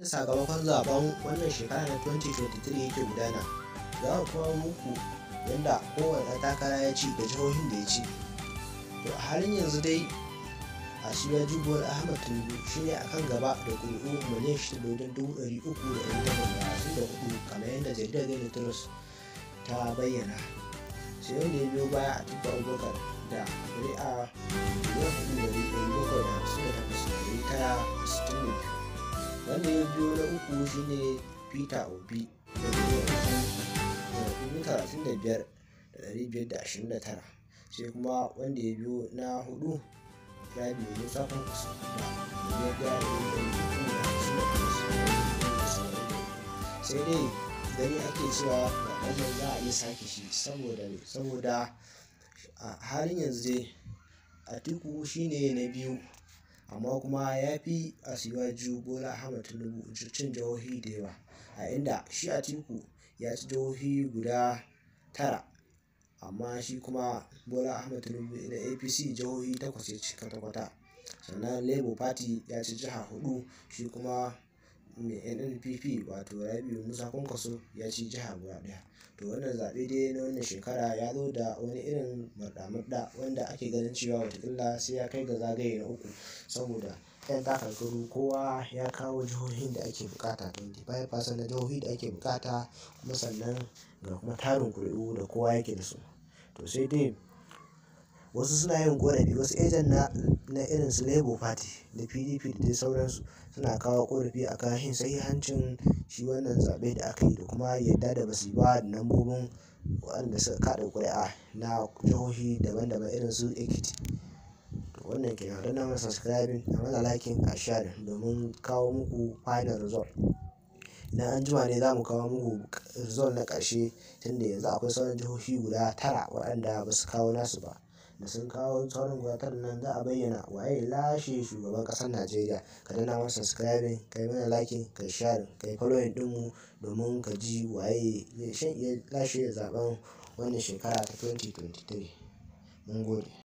inda sakamakon zaben wannan shekarar na 2023 ke gudana za a kuma muku yadda kowane takara ya ci da jihohin da ya ci to a halin yanzu dai a suya jibuwar ahmad tinubu shine a kan gaba da kuri'u miliyan shida dodon dubu ɗari uku da ɗari takwas da hamsin da hudu kamar yadda jaridar daily trust ta bayyana sai wanda ya biyo baya a wanda ya biyo na uku shine peter obi da eh, talatin da biyar da da sai kuma wanda ya biyo na hudu ya biyo musa fox da biyar da sai dai gani ake cewa ba ɗajen za a yi sake shi saboda saboda a halin yanzu dai atiku shine na biyu amma kuma ya fi a asiwaju bola ahmad tinubu cin jihohi da yawa a inda shi a tiku ya ci jihohi guda tara amma shi kuma bola ahmad tinubu da apc jihohi takwas ya ci kwata sannan labour party ya ci jiha hudu shi kuma mai nnpp wato rabiu musa kwankwaso ya ci jiha guda ɗaya to wannan zaɓe dai na wannan shekara ya zo da wani irin murɗa-murɗa wanda ake ganin cewa watakila sai ya kai ga zagaye na uku saboda yan takarkaru kowa ya kawo jihohin da ake bukata 25% na jihohi da ake bukata kuma sannan ga kuma tarin kuri'u da kowa yake da su to sai dai wasu suna yin korafi wasu ejen na, na irin su Labour Party da PDP da dai sauransu suna kawo ƙorafi a kan sahihancin shi wannan zabe da aka yi da kuma yadda da basu ba da lambobin waɗanda suka kaɗa kuri'a na jihohi daban daban irin su Ekiti. To wannan ke nan, na subscribing a maza liking a share domin kawo muku final result. Idan an jima ne zamu kawo muku result na karshe tunda yanzu akwai sauran jihohi guda tara waɗanda ba su kawo nasu ba. da sun kawo sauran gwatar nan za a bayyana waye lashe shugaban kasar Najeriya. Ka dana wa subscribing, kai mana lakin ka yi kai ka yi following dinmu domin ka ji waye ya lashe zaben wannan shekara ta 2023. Mun gode.